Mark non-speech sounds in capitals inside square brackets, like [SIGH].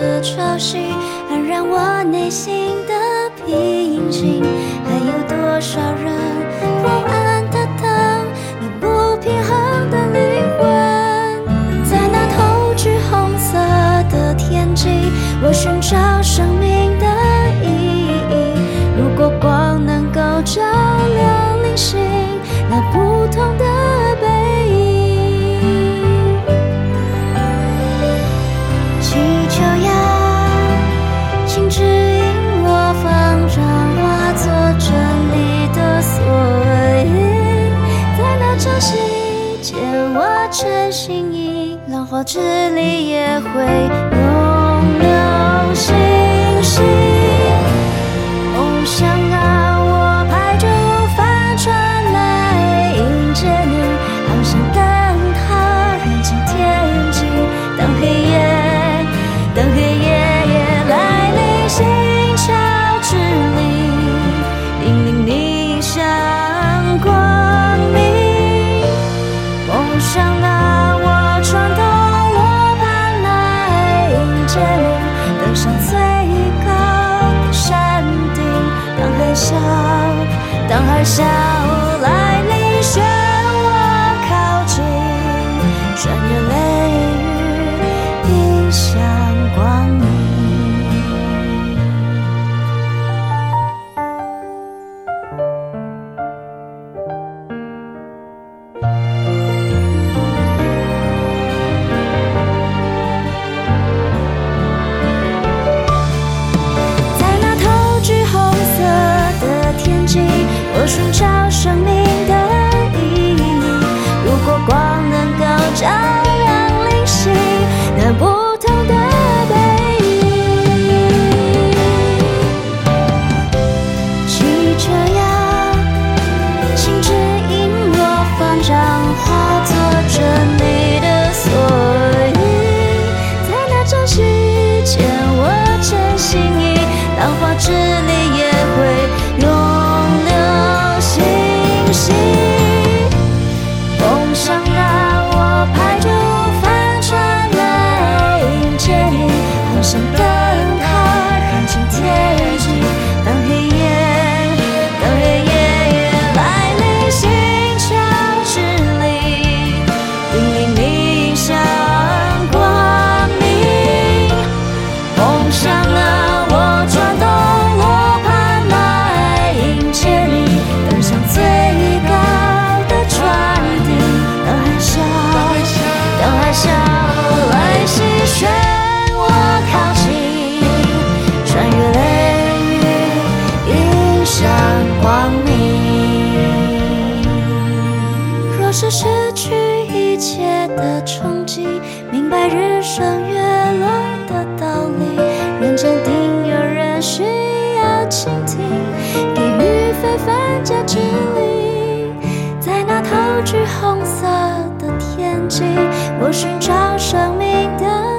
的潮汐，安然我內心的平靜，還有多少人不安的等，那不平衡的靈魂，在那透橘紅色的天際，我尋找。浪花緻麗也會。登上最高的山頂，當海嘯，當海嘯。尋找生命的意義。如果光能夠照亮靈性，那不同的背影。祈 [NOISE] 求呀，請指引我方向。化作的衝擊，明白日升月落的道理，人間定有人需要傾聽，給予非凡加持力，在那透橘紅色的天際，我尋找生命的。